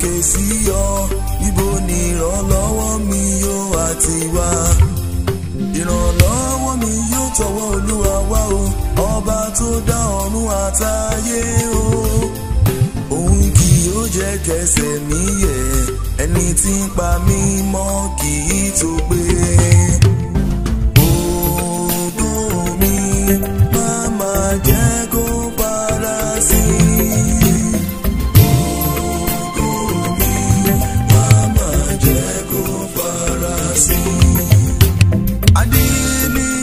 gòkè sí ọ níbo ni ìrànlọ́wọ́ mi yóò wá ti wá ìrànlọ́wọ́ mi yóò tọwọ́ olúwa wá o ọba tó dá ọ̀run àtayé o òun kì yóò jẹ́ kẹsẹ̀ mi yẹ̀ ẹni tí ń pa mí mọ́ kì í tó gbé. I need you.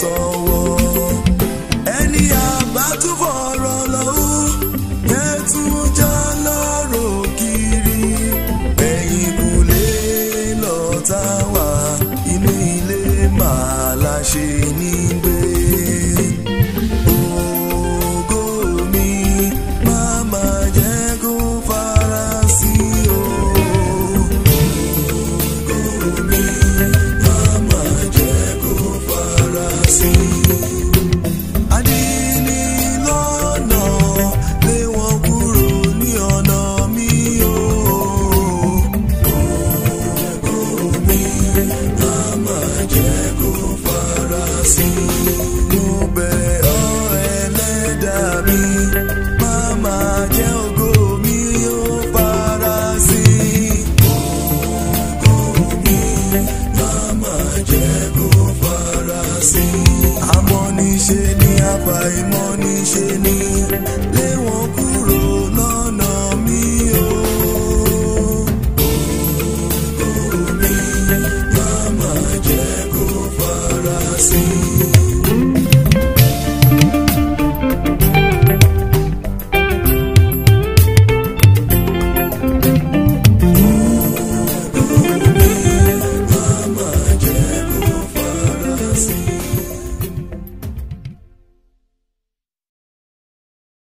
sanwó. ẹni àbátúbọ̀ ọ̀rọ̀ lọ́wọ́ yẹn tún já lọ́rọ̀ kiri. ẹ̀yìn kùlé lọ́tà wá inú ilé màá láṣẹ. I buy money shiny.